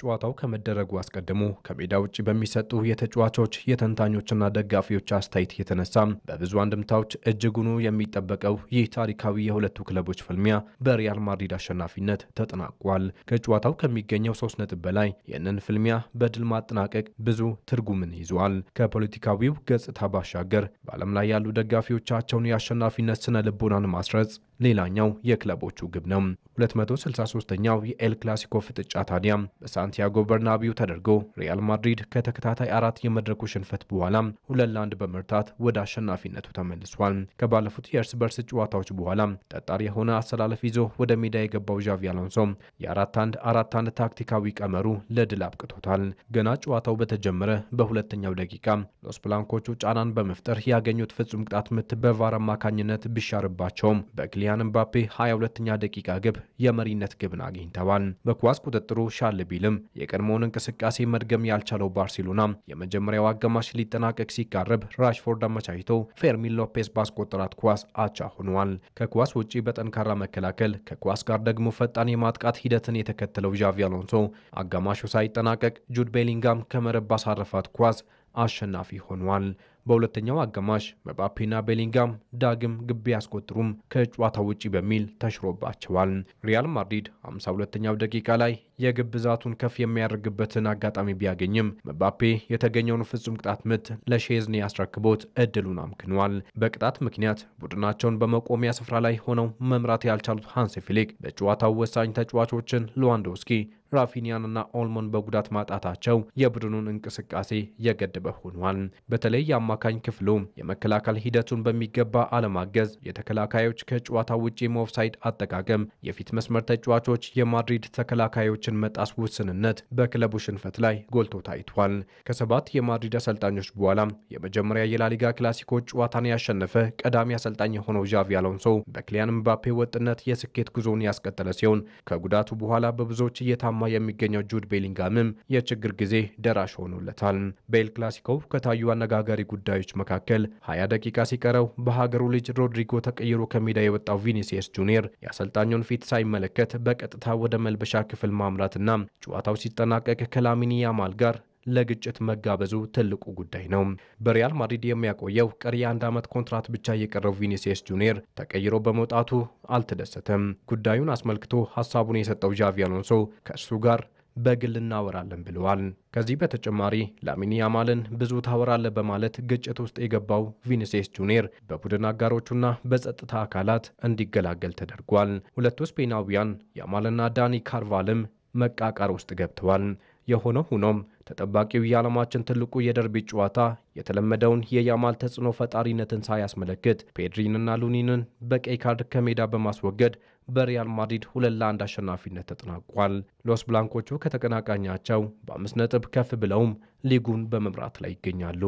ጨዋታው ከመደረጉ አስቀድሞ ከሜዳ ውጭ በሚሰጡ የተጫዋቾች የተንታኞችና ደጋፊዎች አስተያየት የተነሳ በብዙ አንድምታዎች እጅጉኑ የሚጠበቀው ይህ ታሪካዊ የሁለቱ ክለቦች ፍልሚያ በሪያል ማድሪድ አሸናፊነት ተጠናቋል። ከጨዋታው ከሚገኘው ሶስት ነጥብ በላይ ይህንን ፍልሚያ በድል ማጠናቀቅ ብዙ ትርጉምን ይዟል። ከፖለቲካዊው ገጽታ ባሻገር በዓለም ላይ ያሉ ደጋፊዎቻቸውን የአሸናፊነት ስነ ልቦናን ማስረጽ ሌላኛው የክለቦቹ ግብ ነው። 263ኛው የኤል ክላሲኮ ፍጥጫ ታዲያ በሳንቲያጎ በርናቢው ተደርጎ ሪያል ማድሪድ ከተከታታይ አራት የመድረኩ ሽንፈት በኋላ ሁለት ለአንድ በመርታት ወደ አሸናፊነቱ ተመልሷል። ከባለፉት የእርስ በርስ ጨዋታዎች በኋላ ጠጣር የሆነ አሰላለፍ ይዞ ወደ ሜዳ የገባው ዣቪ አሎንሶ የአራት አንድ አራት አንድ ታክቲካዊ ቀመሩ ለድል አብቅቶታል። ገና ጨዋታው በተጀመረ በሁለተኛው ደቂቃ ሎስ ብላንኮቹ ጫናን በመፍጠር ያገኙት ፍጹም ቅጣት ምት በቫር አማካኝነት ቢሻርባቸውም በክሊ ኪሊያን ምባፔ 22ኛ ደቂቃ ግብ የመሪነት ግብን አግኝተዋል። በኳስ ቁጥጥሩ ሻል ቢልም የቀድሞውን እንቅስቃሴ መድገም ያልቻለው ባርሴሎና የመጀመሪያው አጋማሽ ሊጠናቀቅ ሲቃረብ ራሽፎርድ አመቻችቶ ፌርሚን ሎፔስ ባስቆጠራት ኳስ አቻ ሆኗል። ከኳስ ውጪ በጠንካራ መከላከል ከኳስ ጋር ደግሞ ፈጣን የማጥቃት ሂደትን የተከተለው ዣቪ አሎንሶ አጋማሹ ሳይጠናቀቅ ጁድ ቤሊንጋም ከመረብ ባሳረፋት ኳስ አሸናፊ ሆኗል። በሁለተኛው አጋማሽ መባፔና ቤሊንጋም ዳግም ግብ ያስቆጥሩም ከጨዋታ ውጪ በሚል ተሽሮባቸዋል። ሪያል ማድሪድ 52ኛው ደቂቃ ላይ የግብ ብዛቱን ከፍ የሚያደርግበትን አጋጣሚ ቢያገኝም መባፔ የተገኘውን ፍጹም ቅጣት ምት ለሼዝኒ ያስረክቦት እድሉን አምክኗል። በቅጣት ምክንያት ቡድናቸውን በመቆሚያ ስፍራ ላይ ሆነው መምራት ያልቻሉት ሃንሲ ፊሊክ በጨዋታው ወሳኝ ተጫዋቾችን ሉዋንዶስኪ፣ ራፊኒያንና ኦልሞን በጉዳት ማጣታቸው የቡድኑን እንቅስቃሴ የገደበ ሆኗል። በተለይ የአማካኝ ክፍሉ የመከላከል ሂደቱን በሚገባ አለማገዝ፣ የተከላካዮች ከጨዋታ ውጪ ኦፍሳይድ አጠቃቀም፣ የፊት መስመር ተጫዋቾች የማድሪድ ተከላካዮችን መጣስ ውስንነት በክለቡ ሽንፈት ላይ ጎልቶ ታይቷል። ከሰባት የማድሪድ አሰልጣኞች በኋላ የመጀመሪያ የላሊጋ ክላሲኮች ጨዋታን ያሸነፈ ቀዳሚ አሰልጣኝ የሆነው ዣቪ አሎንሶ በክሊያን ምባፔ ወጥነት የስኬት ጉዞውን ያስቀጠለ ሲሆን ከጉዳቱ በኋላ በብዙዎች እየታ እያለማ የሚገኘው ጁድ ቤሊንጋምም የችግር ጊዜ ደራሽ ሆኖለታል። በኤል ክላሲኮ ከታዩ አነጋጋሪ ጉዳዮች መካከል 20 ደቂቃ ሲቀረው በሀገሩ ልጅ ሮድሪጎ ተቀይሮ ከሜዳ የወጣው ቪኒሲየስ ጁኒየር የአሰልጣኙን ፊት ሳይመለከት በቀጥታ ወደ መልበሻ ክፍል ማምራትና ጨዋታው ሲጠናቀቅ ከላሚኒ ያማል ጋር ለግጭት መጋበዙ ትልቁ ጉዳይ ነው። በሪያል ማድሪድ የሚያቆየው ቀሪ የአንድ ዓመት ኮንትራት ብቻ የቀረው ቪኒሲየስ ጁኒየር ተቀይሮ በመውጣቱ አልተደሰተም። ጉዳዩን አስመልክቶ ሀሳቡን የሰጠው ዣቪ አሎንሶ ከእሱ ጋር በግል እናወራለን ብለዋል። ከዚህ በተጨማሪ ላሚኒ ያማልን ብዙ ታወራለ በማለት ግጭት ውስጥ የገባው ቪኒሲየስ ጁኒየር በቡድን አጋሮቹና በጸጥታ አካላት እንዲገላገል ተደርጓል። ሁለቱ ስፔናውያን ያማልና ዳኒ ካርቫልም መቃቃር ውስጥ ገብተዋል። የሆነ ሆኖም ተጠባቂው የዓለማችን ትልቁ የደርቢ ጨዋታ የተለመደውን የያማል ተጽዕኖ ፈጣሪነትን ሳያስመለክት ፔድሪንና ሉኒንን በቀይ ካርድ ከሜዳ በማስወገድ በሪያል ማድሪድ ሁለት ለአንድ አሸናፊነት ተጠናቋል። ሎስ ብላንኮቹ ከተቀናቃኛቸው በአምስት ነጥብ ከፍ ብለውም ሊጉን በመምራት ላይ ይገኛሉ።